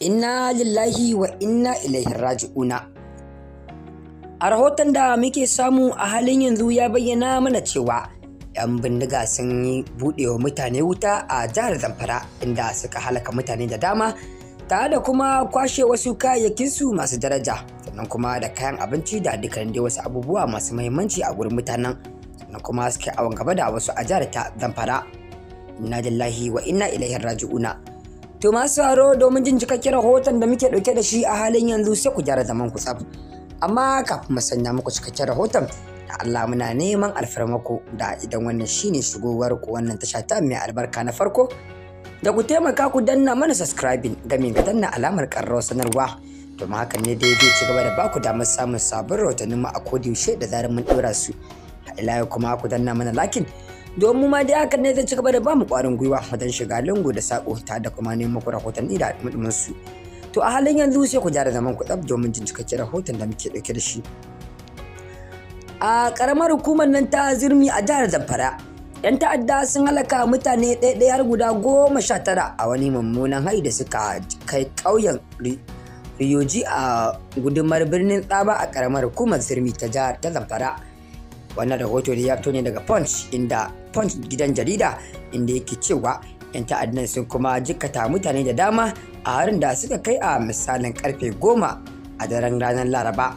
inna lillahi wa inna ilaihi raji'una a rahoton da muke samu a halin yanzu ya bayyana mana cewa 'yan bindiga sun yi buɗewa mutane wuta a jihar zamfara inda suka halaka mutane da dama tare da kuma kwashe wasu kayayyakinsu masu daraja sannan kuma da kayan abinci da dukkan dai wasu abubuwa masu mahimmanci a gurin mutanen sannan kuma suke awon gaba da wasu a jihar ta zamfara inna lillahi wa inna ilaihi raji'una To masu domin jin cikakken rahoton da muke ɗauke da shi a halin yanzu sai ku gyara zaman ku tsaf. Amma kafin mu sanya muku cikakken rahoton da Allah muna neman alfarmako da idan wannan shine shigowar ku wannan tasha ta mai albarka na farko da ku taimaka ku danna mana subscribing game ga danna alamar ƙararrawar sanarwa ma hakan ne dai zai ci gaba da baku damar samun sabon rahotannin mu a kodiyaushe da zarar mun ɗora su. ila kuma ku danna mana lakin domin mu ma dai hakan ne zai ci gaba da bamu kwarin gwiwa wajen shiga lungu da sako ta da kuma nemo ku rahotanni da al'ummar su to a halin yanzu sai ku jara zaman ku tsab domin jin cikakken rahoton da muke dauke da shi a karamar hukumar nan ta zirmi a jihar zamfara yan ta'adda sun halaka mutane ɗaya har guda goma sha tara a wani mummunan hari da suka kai ƙauyen riyoji a gudumar birnin tsaba a ƙaramar hukumar zirmi ta jihar ta zamfara wannan rahoto ya fito ne daga punch inda punch gidan jarida inda yake cewa 'yan ta'addan sun kuma jikkata mutane da dama a harin da suka kai a misalin karfe goma a daren ranar laraba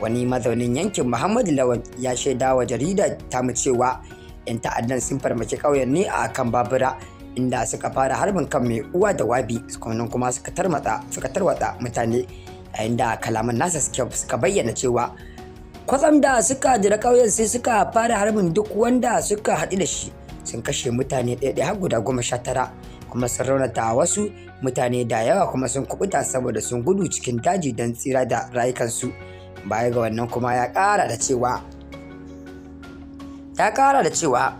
wani mazaunin yankin muhammadu lawan ya shaida wa jarida ta mu cewa 'yan ta'addan sun farmaki ƙauyen ne a kan babura inda suka fara harbin kan mai uwa da wabi sannan kuma suka tarwatsa mutane yayin da kalaman nasa suka bayyana cewa kwatsam da suka jira kauyen sai suka fara harbin duk wanda suka haɗu da shi sun kashe mutane ɗaya har guda goma sha tara kuma sun raunata wasu mutane da yawa kuma sun kubuta saboda sun gudu cikin daji don tsira da rayukansu baya ga wannan kuma ya ƙara da cewa ta ƙara da cewa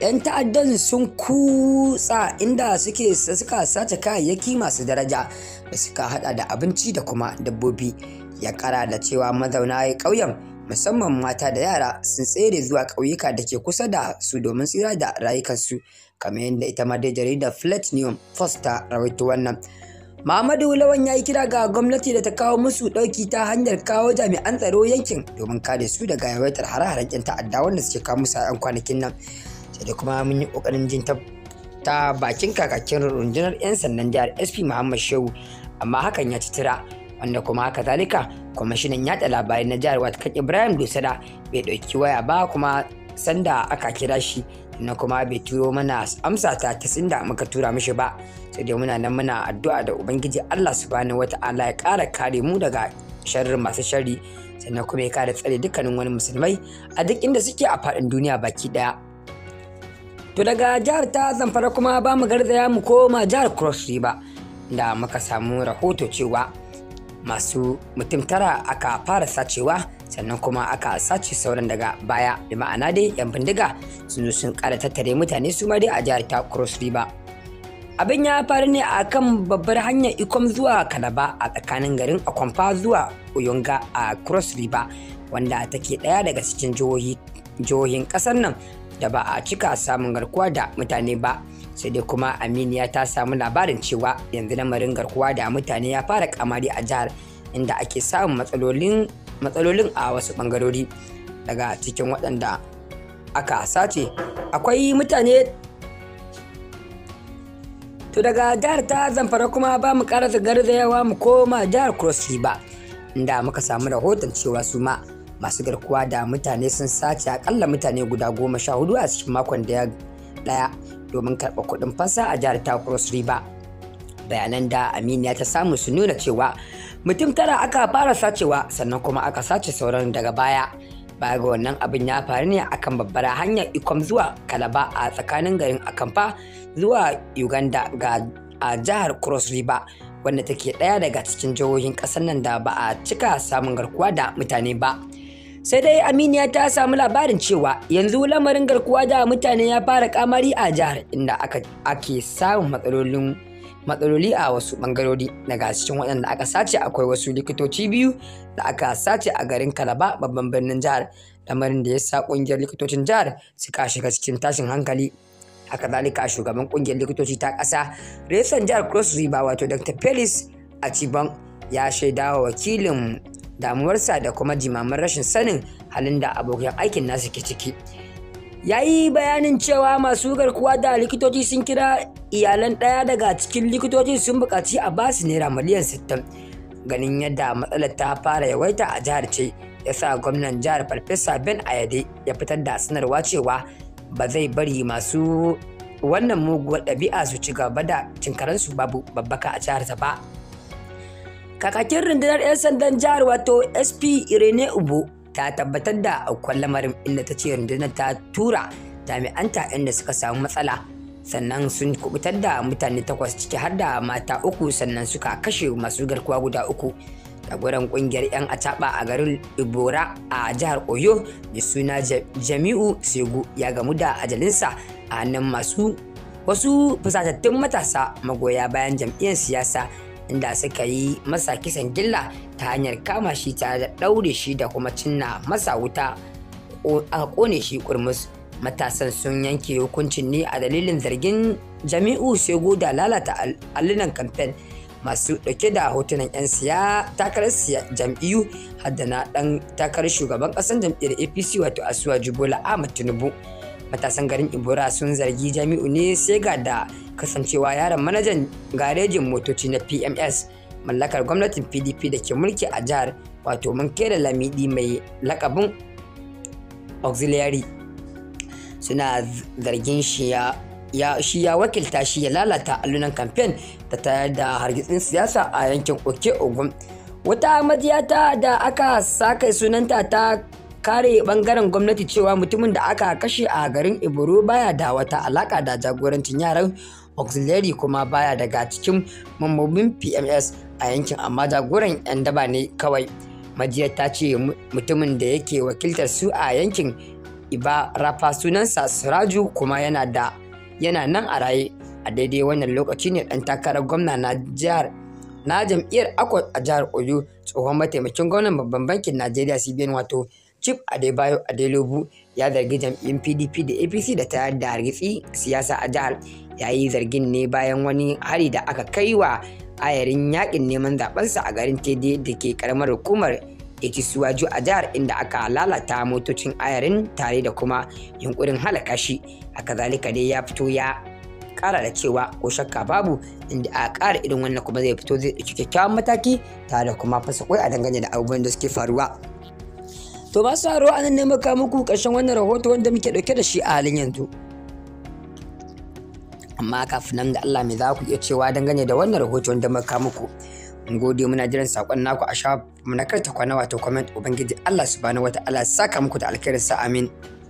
'yan ta'addan sun kutsa inda suke suka sace kayayyaki masu daraja da suka hada da abinci da kuma dabbobi ya kara da cewa mazauna ƙauyen musamman mata da yara sun tsere zuwa ƙauyuka da ke kusa da su domin tsira da rayukansu kamar yadda ita ma dai jaridar platinum first ta rawaito wannan mamadu Lawan ya yi kira ga gwamnati da ta kawo musu ɗauki ta hanyar kawo jami'an tsaro yankin domin kare su daga yawaitar hare-haren ƴan ta'adda wanda suke kawo musu a kwanakin nan. Sai da kuma mun yi ƙoƙarin jin ta, bakin kakakin rundunar 'yan sandan jihar SP Muhammad Shehu amma hakan ya ci tura wanda kuma haka zalika kwamishinan yada labarai na jihar watakan ibrahim dusada bai ɗauki waya ba kuma sanda aka kira shi na kuma bai turo mana amsa ta ta da muka tura mishi ba sai dai muna nan muna addu'a da ubangiji allah subhanahu wata'ala ya ƙara kare mu daga sharrin masu sharri sannan kuma ya kare tsare dukkanin wani musulmai a duk inda suke a faɗin duniya baki ɗaya to daga jihar ta zamfara kuma ba mu garzaya mu koma jihar cross river da muka samu rahoto cewa masu mutum tara aka fara sacewa sannan kuma aka sace sauran daga baya da ma'ana dai yan bindiga sun sun kara tattare mutane su ma dai a jihar ta cross river abin ya faru ne a kan babbar hanyar ikom zuwa kalaba a tsakanin garin akwamfa zuwa uyunga a cross river wanda take ɗaya daga cikin jihohin ƙasar nan da ba a cika samun garkuwa da mutane ba sai dai kuma aminiya ta samu labarin cewa yanzu na lamarin garkuwa da mutane ya fara kamari a jihar inda ake samun matsalolin a wasu bangarori daga cikin waɗanda aka sace akwai mutane to daga jihar ta zamfara kuma ba mu karasa garzayawa mu koma jihar cross river inda muka samu rahoton cewa su ma masu garkuwa da mutane sun sace akalla mutane guda goma sha hudu a cikin makon da ya daya domin karɓa kuɗin fasa a jihar ta cross river bayanan da aminiya ta samu su nuna cewa mutum tara aka fara sacewa sannan kuma aka sace sauran daga baya baya ga wannan abin ya faru ne akan babbar hanyar ikom zuwa kalaba a tsakanin garin akamfa zuwa uganda ga a jihar cross river wanda take ɗaya daga cikin jihohin ƙasar nan da ba a cika samun garkuwa da mutane ba. sai dai aminiya ta samu labarin cewa yanzu lamarin garkuwa da mutane ya fara kamari a jihar inda ake samun matsalolin matsaloli a wasu bangarori daga cikin waɗanda aka sace akwai wasu likitoci biyu da aka sace a garin kalaba babban birnin jihar lamarin da ya sa ƙungiyar likitocin jihar suka shiga cikin tashin hankali haka zalika shugaban ƙungiyar likitoci ta ƙasa resan jihar cross river wato dr felix a ya shaidawa wakilin damuwarsa da kuma jimamin rashin sanin halin da abokan aikin nasu ke ciki ya yi bayanin cewa masu garkuwa da likitoci sun kira iyalan ɗaya daga cikin likitoci sun buƙaci a basu naira miliyan sittin ganin yadda matsalar ta fara yawaita a jihar ce ya sa gwamnan jihar farfesa ben ayade ya fitar da sanarwa cewa ba zai bari masu wannan muguwar ɗabi'a su ci gaba da cinkaransu babu babbaka a jihar ta ba. Kakakin rundunar 'yan sandan jihar wato SP Irene Ubo ta tabbatar da aukuwar lamarin inda ta ce rundunar ta tura jami'anta inda suka samu matsala sannan sun kubutar da mutane takwas ciki har da mata uku sannan suka kashe masu garkuwa guda uku jagoran kungiyar 'yan ataba a garin ibora a jihar oyo mai suna jami'u segu ya gamu da ajalinsa a hannun masu wasu fusatattun matasa magoya bayan jam'iyyar siyasa inda suka yi masa kisan gilla ta hanyar kama shi ta daure shi da kuma cinna masa wuta aka kone shi kurmus matasan sun yanke hukuncin ne a dalilin zargin jami'u sego da lalata allunan kamfen masu dauke da hotunan 'yan siya takarar jam'iyyu haddana ɗan takarar shugaban ƙasar jam'iyyar apc wato asuwa jubola ahmad tinubu matasan garin ibora sun zargi jami'u ne sega da kasancewa yaron manajan garejin motoci na pms mallakar gwamnatin pdp da ke mulki a jihar wato da lamidi mai lakabin auxiliary suna zargin shi ya shi ya wakilta shi ya lalata allunan kamfen ta tayar da hargitsin siyasa a yankin oke ogun wata majiyata da aka saka sunanta ta kare bangaren gwamnati cewa mutumin da aka kashe a garin iburu baya da wata alaka da jagorancin yaran auxiliary kuma baya daga cikin mambobin pms a yankin amma jagoran 'yan daba ne kawai majiyar ta ce mutumin da yake wakiltar su a yankin iba rafa sunansa suraju kuma yana da yana nan a raye a daidai wannan lokaci ne dan takarar gwamna na jihar na jam'iyyar akwa a jihar oyo tsohon mataimakin gwamnan babban bankin najeriya cbn wato chief adebayo adelobu ya zargi jam'iyyun pdp da apc da ta da hargitsi siyasa a jihar ya yi zargin ne bayan wani hari da aka kai wa ayarin yakin neman zaben sa a garin tede da ke karamar hukumar ekisuwaju a jihar inda aka lalata motocin ayarin tare da kuma yunkurin halaka shi haka zalika dai ya fito ya kara da cewa ko shakka babu inda a kara irin wannan kuma zai fito zai ɗauki kyakkyawan mataki tare da kuma fasa a dangane da abubuwan da suke faruwa to masu haro anan ne maka muku ƙarshen wannan rahoto wanda muke ɗauke da shi a halin yanzu amma kafin nan da Allah me za ku iya cewa dangane da wannan rahoto wanda muka muku mun gode muna jiran sakon naku a shafin na karta kwana wato comment ubangiji Allah subhanahu wataala saka muku da alkhairin sa amin